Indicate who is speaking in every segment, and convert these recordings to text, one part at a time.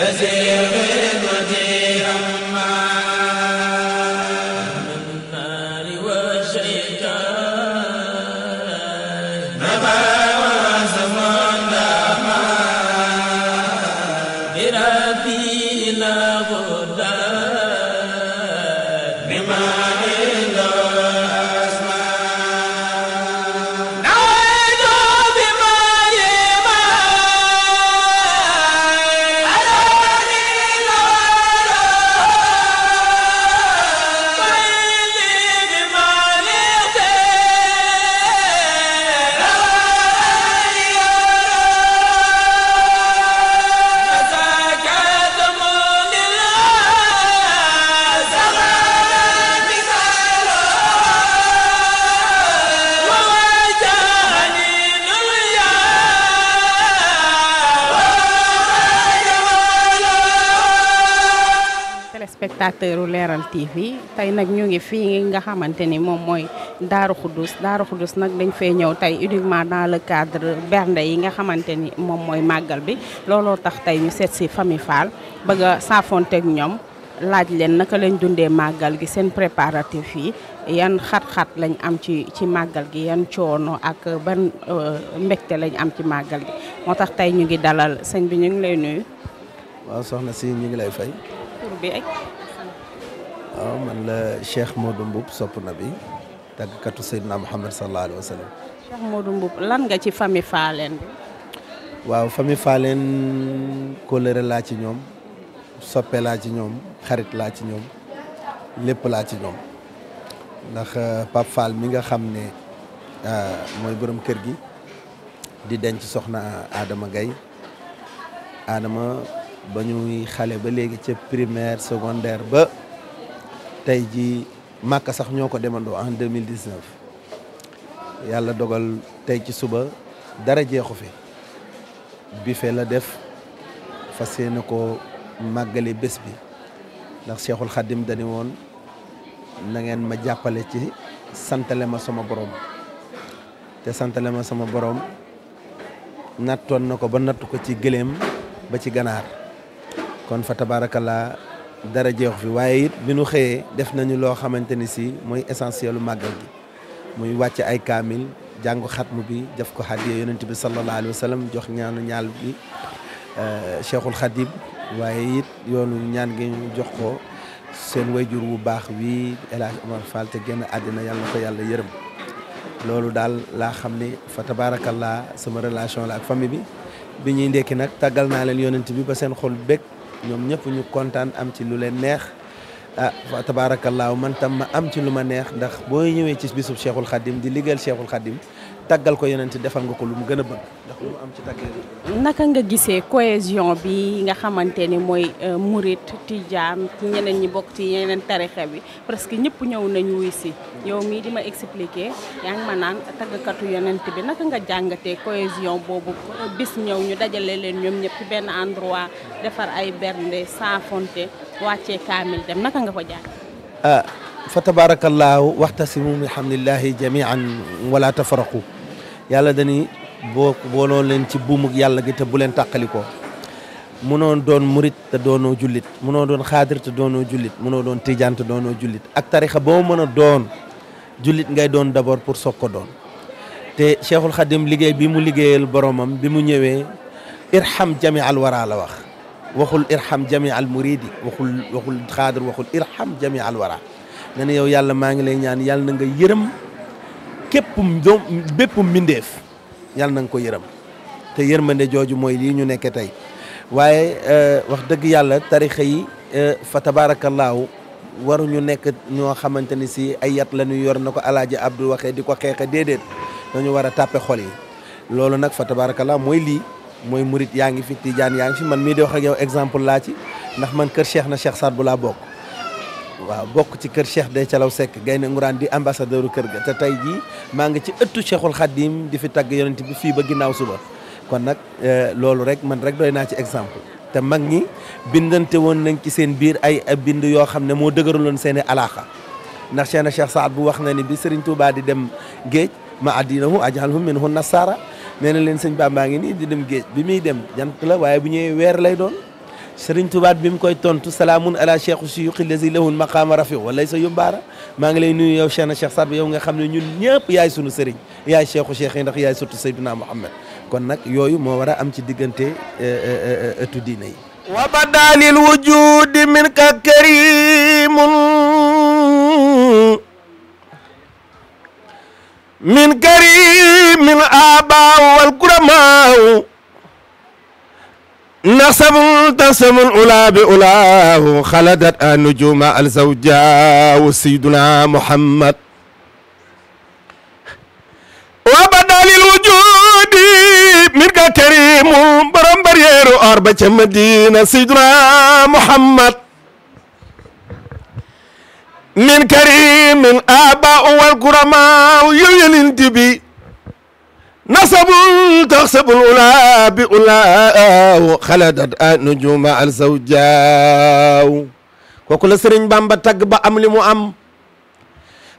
Speaker 1: Brasil, spectateur u Leral TV tey nag ñu ngi fii nga xamante ni moom mooy Daaru Xuddus Daaru Xuddus nag dañ fee ñëw tey uniquement dans le cadre bernde yi nga xamante ni moom mooy màggal bi looloo tax tey ñu seet si famille Fall bëgg a ñoom laaj leen naka lañ dundee màggal gi seen préparatif yi yan xat-xat lañ am ci ci màggal gi yan coono ak ban euh, mbégte lañ am ci màggal gi moo tax tey ñu ngi dalal sëñ bi ñu ngi lay nuyu.
Speaker 2: waaw soxna si ñu ngi lay fay. tur waaw man la Cheikh Modou Mboup sopp na bi tàggkatu Seydina Mouhamed sallallahu alayhi wa sallam.
Speaker 1: Cheikh Modou lan nga ci famille Faaleen bi.
Speaker 2: waaw famille Faaleen kóllëre laa ci ñoom soppe laa ci ñoom xarit laa ci ñoom lépp laa ci ñoom ndax euh, Pape Fall mi nga xam ne euh, mooy boroom kër gi di denc soxna Adama gay Adama. ba ñuy xale ba léegi ca primaire secondaire ba tey ji màkka sax ñoo ko demandoo en 2019 yàlla dogal tey ci suba dara jeexu fi bi fe la def fas yéene ko màggale bés bi ndax seexul Khadim dañu woon na ngeen ma jàppale ci santale ma sama borom te santale ma sama boroom nattoon na ko ba nattu ko ci gëléem ba ci ganaar kon fa tabaarakallaa dara jeexu fi waaye it bi nu xëyee def nañu loo xamante ni si mooy essentiel lu màggal gi muy wàcc ay kaamil jàngu xatmu bi def ko hadiya yonent bi sallallahu alayhi wa sallam jox ñaanu ñaal bi euh, cheikhul xadim waaye it yoonu ñaan gi ñu jox ko seen jur wu baax wi El Hadj Omar Fall te génn àddina yàlla na ko yàlla yërëm loolu daal laa xam ni fa tabaarakallaa sama relation la ak famille bi bi ñuy ndekki nag tàggal naa leen yonent bi ba seen xol bëgg ñoom ñëpp ñu kontaan am ci lu leen neex ah fa tabaarakallaahu man tam ma am ci lu ma neex ndax booy ñëwee ci bisub cheikhul xaddim di liggéeyal cheikhul xaddim tàggal ko yeneen ci defal nga ko lu mu gën a bëgg ndax
Speaker 1: lu am naka nga gisee cohésion bi nga xamante ni mooy euh, murit tijaan ñeneen ñi bokk ci yeneen tarixa bi presque ñëpp ñëw nañu wuy si yow mii di ma expliquer yaa ngi ma naan taggkatu yonent bi naka nga jàngatee cohésion boobu euh, bis ñëw ñu dajale leen ñoom ñëpp ci benn endroit defar ay bernde saafonte wàccee kaamil dem naka nga ko jàng
Speaker 2: ah fa tabarakallahu waxtasimu bi hamdillahi jamian wala yàlla dani boo booloo leen ci buumug yàlla gi te bu leen tàqalikoo munoo doon murit te doonoo jullit munoo doon xaadir te doonoo jullit munoo doon tijaan te doonoo jullit ak tarixa boo mën a doon jullit ngay doon d'abord pour soog ko doon te cheikhul xadim liggéey bi mu liggéeyal boromam bi mu ñëwee irham jami al wara la wax waxul irham jami al muridi waxul waxul xaadir waxul irham jami al wara ne yow yàlla maa ngi lay ñaan yàlla na nga yërëm képp yàlla na ko yërëm te yërmande jooju mooy lii ñu nekke tey waaye euh, wax dëgg yàlla tarixa yi euh, fa tabaarakallaahu ñu nekk ñoo xamante ni si ay yat la ñu yor na ko alaaji Abdou waxee di ko xeex xeexe déedéet dañu war a tàppe xol yi loolu nag fa tabaarakallaahu mooy lii mooy murit yaa ngi fi tijaan yaa ngi fi man mii di wax ak yow exemple laa ci ndax man kër Cheikh na Cheikh Saad bu laa bokk waaw bokk ci kër Cheikh Dey Calaw Seck Gaynde Nguraan di ambassadeur kër ga te tey jii maa ngi ci ëttu Cheikhul Khadim di fi tagg yonent bi fii ba ginnaaw suba kon nag eh, loolu rek man rek doy naa ci exemple te mag ñi bindante woon nañ ci seen biir ay bind yoo xam ne moo dëgëruloon seen i alaaxa ndax Cheikh na Cheikh bu wax na ni bi Serigne Touba di dem géej ma addinahu ajalhum minhu nasara nee na leen sëñ maa ngi nii di dem géej bi muy dem jant la waaye bu ñëwee weer lay doon sëriñ tubaat bi mu koy tontu salaamun ala cheikhu siyuqi lazi lahul maqaama rafiu walay sa yumbaara maa ngi lay nuyu yow Cheikh na Cheikh Saad Bou yow nga xam ne ñun ñëpp yaay sunu sëriñ yaay cheikhu cheikh yay ndax yaay surtout Seydina Muhammad kon nag yooyu moo war a am ci diggante eh, eh, eh, ëttu diine yi
Speaker 3: wa badalil wujudi minka karimun min karimin abaa wal kuramaaw نخسب تنسم الأولى بأولاه خلدت النجوم الزوجا وسيدنا محمد وبدا للوجود مرقا كريم برم بريرو أربعة مدينة سيدنا محمد من كريم آباء والكرماء يلين تبي نصب تخصب الأولى بأولى خلدت نجوم الزوجاو kooku la sëriñ Bamba tagg ba am li mu am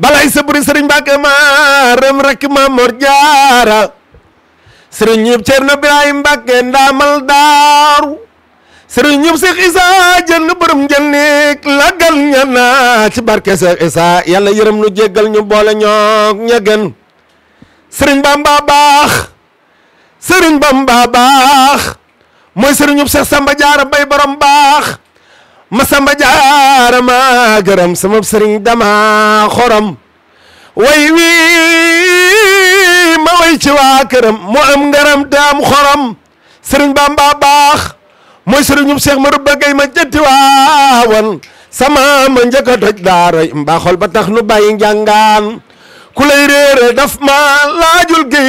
Speaker 3: balay saburi sëriñ Mbàkke maaram rek ma mor jaara sëriñ ñëpp Cerno Birahim Mbàkke ndaamal daaru sëriñ ñëpp Seex Isa jënn borom jënnik lagal ñana ci barke Seex Isa yàlla yërëm nu jéggal ñu boole ñoog ña sëriñ bamba baax sëriñ bamba baax mooy sëriñub Seex Samba Jaara bay borom baax ma Samba Jaara ma gërëm sama sëriñ dama xorom way wi ma way ci waa këram mu am ngaram daam xorom sëriñ bamba baax mooy sëriñub Seex ma gay ma jëtti waawan sama ma njëkk toj daaroy mbaaxol ba tax nu bàyyi njàngaan ku lay réere daf ma laajul géy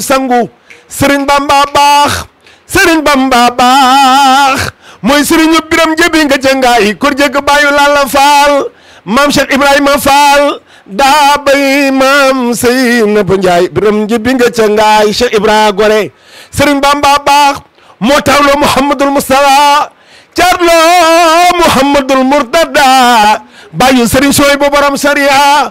Speaker 3: sangu sëriñ bamba baax sëriñ bamba baax mooy sëriñu biram jëbi nga jëngaay kor jëgg bàyyu lalla faal maam cheikh ibrahima faal daa bay maam sëy na bu njaay biram jëbi nga jëngaay cheikh ibra gore sëriñ bamba baax moo tawloo mouhamadul moustapha carloo mouhamadul mourtada bàyyu sëriñ sooy bu borom sariya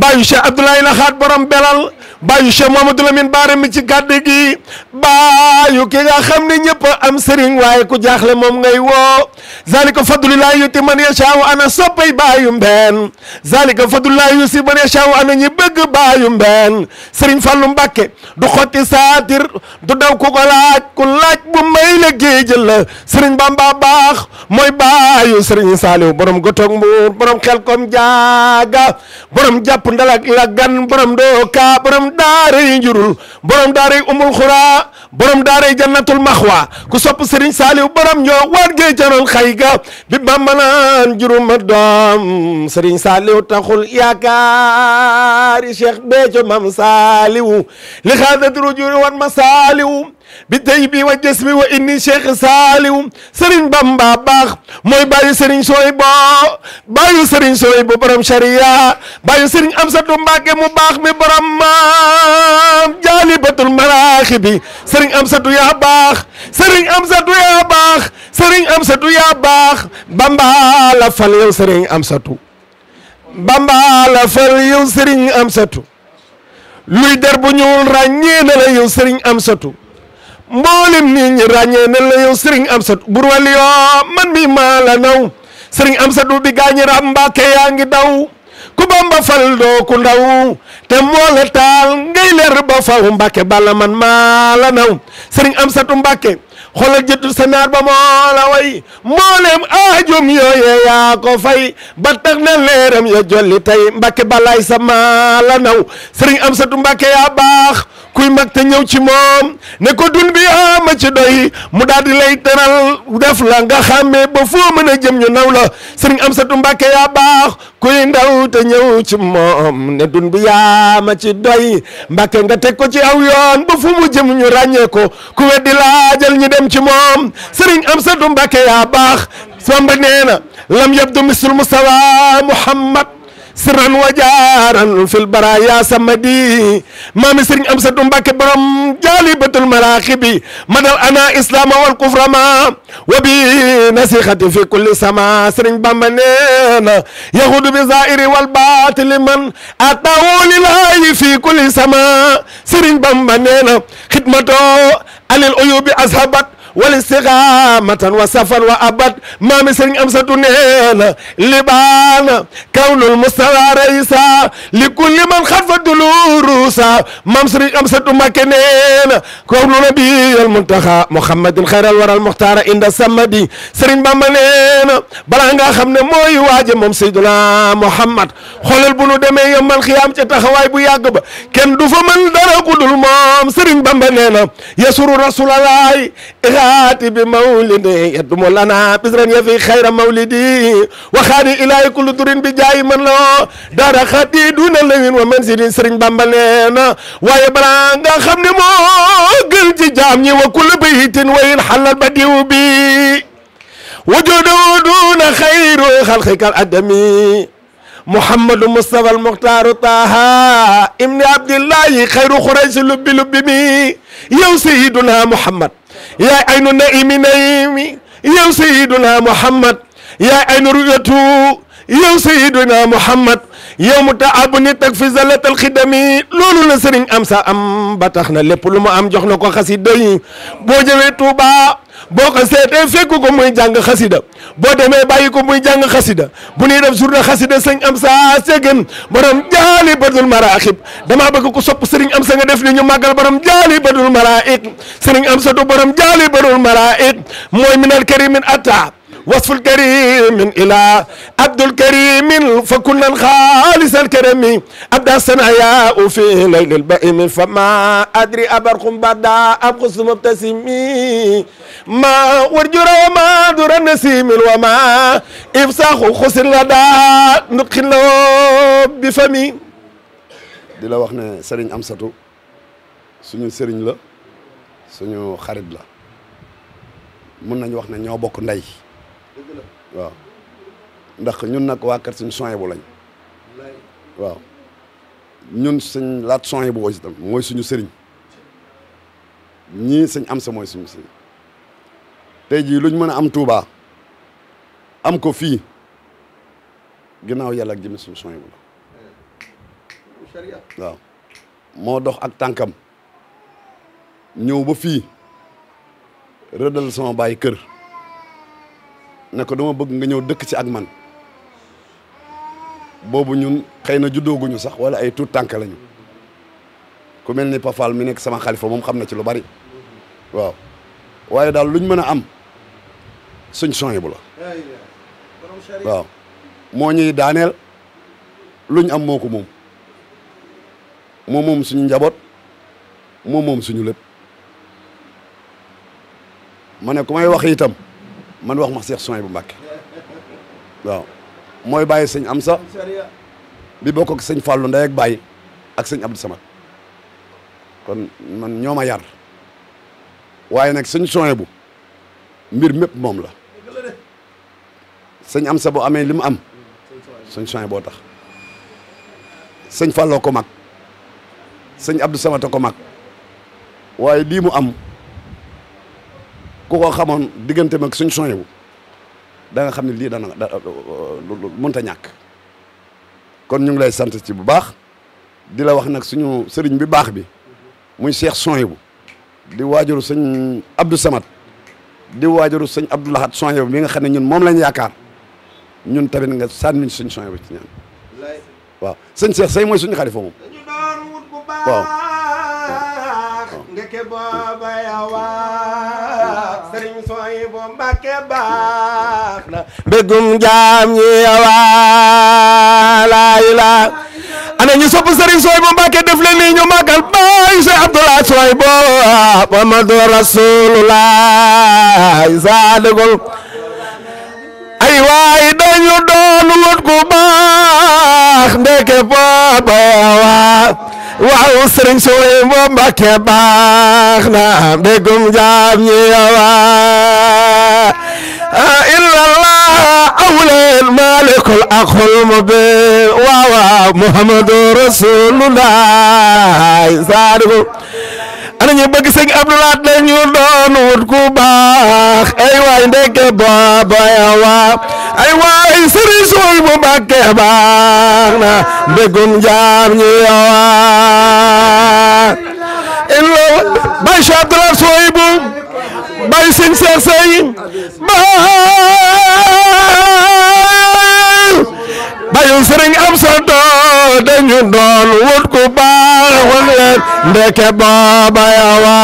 Speaker 3: bàyyu Cheikh Abdoulaye Laxaat borom belal bàyyu Cheikh Mamadou Lamine Baara mi ci gàdde gi bàyyu ki nga xam ne ñëpp am sëriñ waaye ku jaaxle moom ngay woo zalika fadlullahi yuti man yashaaw ana soppay bàyyu mbeen zalika fadlullahi yusi man yashaaw ana ñi bëgg bàyyu mbeen sëriñ Fàllu Mbàkke du xotti saatir du daw ku ko ku laaj bu may ëllëgee jël la sëriñ Bamba baax mooy baayu sëriñ Saaliw borom gotoog mbuur borom xel kom jaaga borom jàpp ndalak la gan borom dooka borom daaray njurul borom daaray umul xuraa borom daaray jannatul maxwa ku sop sëriñ Saaliw borom ñoo war gee janoon xay ga bi Bamba naan juruma doom sëriñ Saaliw taxul yaakaari Cheikh Béthio mam Saaliw li xaadati rujuri wan ma Saaliw bi tey bi wa jës mi wa inni cheikh saaliw Serigne Bamba baax mooy bàyyi Serigne Soybo bàyyi Serigne Soybo borom charia bàyyi Serigne Amsatu Mbàkke mu baax mi borom maam jaalibatul maraaxi bi Serigne Amsatu ya baax Serigne Amsatu yaa baax Serigne Amsatu yaa baax Bamba la fal yow Serigne Amsatu Bamba la fal yow Serigne Amsatu luy der bu ñuul ràññee na la Amsatu mboolem nit ñi ràññee nañ la yow sëriñ Amsatu bur wali yoo man mi maa la naw sëriñ Amsatu bi gaañi rab Mbàkke yaa ngi daw ku Bamba fal doo ku te moo taal ngay leer ba faw Mbàkke bala man maa la naw sëriñ Amsatu Mbàkke xoolal jëttu sanaar ba moo la way mboolem aajum yooyee yaa ko fay ba tax na leeram ya jolli tey mbàkke balaay sama la naw sëriñ am satu mbake yaa baax kuy mag ñëw ci moom ne ko dun bi doy mu daal di lay teral def la nga xàmmee ba foo mën la sëriñ am satu mbàkke yaa baax kuy ndaw te ñëw ci moom ne dun bi yaama ci doy mbàkke nga teg ko ci aw yoon ba fu mu jëm ñu ràññee ko ku weddi laajal ñi dem yem ci moom Serigne Amsatu Mbàkke yaa baax Samba nee na lam yabdu mislu mustawa Muhammad sirran wa jaaran fil baraya samadi maami Serigne Amsatu Mbàkke borom jaalibatul maraaxibi madal ana islaama wal kuframa wa bi nasixati fi kulli sama Serigne Bamba nee na bi zairi wal baatili man atawu lilahi fi kulli sama Serigne Bamba nee na xidmato alil uyubi wal istiqamatan wa safan wa abad maami sëriñ am satu neena libaana kawnul mustawa raysa li kulli man xarfa dulurusa maam sëriñ am satu makke neena kawnu nabiyal muntaxa muhammadin xayral waral muxtaara inda samadi sëriñ bamba neena balaa nga xam ne mooy waaje moom seyduna muhammad xoolal bu nu demee yombal xiyaam ca taxawaay bu yàgg ba kenn du fa mën dara ku dul moom sëriñ bamba neena yasuru rasulalaay الكاتب مولدي يدم لنا بزرا يفي خير مولدي وخاري إلهي كل دور بجاي من لو دار خاتي دون لمن ومن سيرين سرين بامبلين واي برانغا خمني مو قلت جامني وكل بيت وين حل البديو بي وجوده دون خير خلقك الأدمي محمد مصطفى المختار طه ابن عبد الله خير قريش لب لب مي يو سيدنا محمد yaay ay nu naimi naimi yow sayyiduna muhammad yaay ay nu ruyatu yow sayiduna muhammad yow mu ta abu ni tag fi zalatal xidami loolu la sëriñ am sa am ba tax na lépp lu mu am jox na ko xasida yi boo jëwee Tuuba boo ko seetee fekk ko muy jàng xasida boo demee bàyyi ko muy jàng xasida bu ñuy def journée xasida sëñ am sa segem borom jaali badul maraaxib damaa bëgg ko sopp sëriñ am sa def ni ñu màggal borom jaali badul maraaxib sëriñ am sa du borom jaali badul maraaxib mooy minal karimin atta وصف الكريم إلى عبد الكريم فكلا خالص الكرم أبدا السنايا في ليل البئم فما أدري أبرق بعد أم خصم مبتسمي ما ورجر وما در النسيم وما إفساخ خسر لدى نقل بفمي
Speaker 4: di la wax ne sëriñ Amsatu suñu sëriñ la suñu xarit la mun nañu wax ne ñoo bokk ndey waaw ndax ñun nag waa kër suñu soin bu lañ waaw ñun suñ laat soin bu aussi tam mooy suñu sëriñ ñii suñ am sa mooy suñu sëriñ tey jii luñ mën a am Touba am ko fii ginnaaw yàlla ak jëmi suñu soin bu la waaw moo dox ak tànkam ñëw ba fii rëddal sama bàyyi kër ne dama bëgg nga ñëw dëkk ci ak man boobu ñun xëy na juddooguñu sax wala ay tuut tànk lañu ku mel ni Pafal mi nekk sama xalifa moom xam na ci lu bari waaw waaye daal luñ mën a am suñ songe bula waaw moo ñuy daaneel am moo ko moom moo moom suñu njaboot moo moom suñu lépp ma ne ku may wax itam man wax ma Cheikh bu mag waaw mooy bàyyi sëñ am sax bi bokk ak sëñ Fallou Ndeye ak Baye ak sëñ Abdou samat kon man ñoo ma yar waaye nag sëñ bu mbir mépp moom la sëñ am sa boo amee li am sëñ Souhaïbou boo tax sëñ Fallou ko mag sëñ Abdou Samad ko mag waaye lii mu am ku ko xamoon diggante mag suñ sonyewu da nga xam ne lii mun ta ñàkk kon ñu ngi lay sant ci bu baax di la wax nag suñu sëriñ bi baax bi muy seex sonyewu di waajuru sëñ Abdou Samad di waajuru sëñ Abdou Lahad sonyewu bi nga xam ne ñun moom lañ yaakaar ñun tamit nga sànniñ suñ sonyewu ci ñaan waaw sëñ seex say mooy suñ xalifa moom waaw.
Speaker 3: ndeke booba sëriñ sooy bu mbàkke baax na mbégum jaam ñi waalaay la ana ñu sopp sëriñ sooy bu mbàkke def leen ni ñu màggal baay sooy abdullah sooy bo muhammadu rasulullah saadagul ay waay dañu doon wut ku baax ndeke booba waa waaw sëriñ sooy bo Mbàkke baax na déggum jaam ñi wa ah, illallah awleen malikul aqul mubin waaw waaw muhammadu rasulullah ana ñu bëgg sëñ Abdoulaat la ñu wut ku baax ay waay ndeke booba yawa ay waay sëriñ suuy bu Mbàkke baax na mbégum jaam ñi yawa illo bay Cheikh Abdoulaat suuy bu bay sëñ Seex Sey bayu sëriñ dañu doon wut ku baax won leen ndeke booba yawa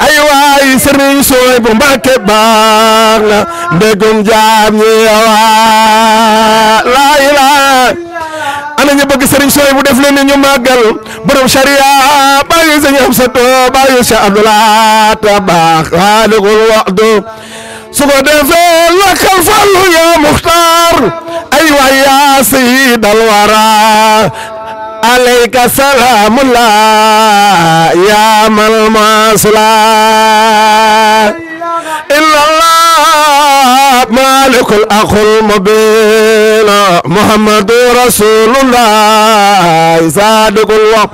Speaker 3: ay waay sëriñ sooy bu mbàkke baax na ndegum jaam ñi yawa laa ilaa ana ñu bëgg sëriñ sooy bu def leen ñu màggal borom sariya bàyyi sëñ am sa too bàyyi sa abdulaat baax waa dugul waxtu su ko defee lakkal fallu yaa muxtaar أيوة يا سيد الورى عليك سلام الله يا من المصلى إلا الله مالك الأخ المبين محمد رسول الله صادق الوقت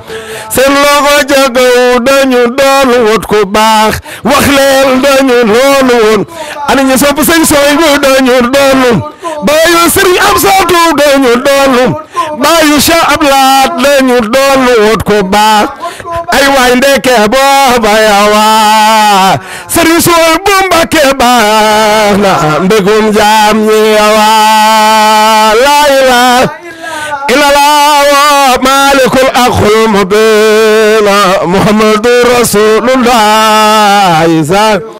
Speaker 3: seen loxo ja kaw dañu doon wut ku baax wax leen dañu loolu woon ana ñu sopp sëñ sooy bu dañu doonu baayu sëriñ am saatu dañu doonu baayu Cheikh Ablaat dañu doonu wut ku baax ay waay ndeke booba yawaa sëriñ sooy bu Mbàkke baax na mbégum jaam ñi yawaa laa ilaa illallah مالك الحق المبين محمد رسول الله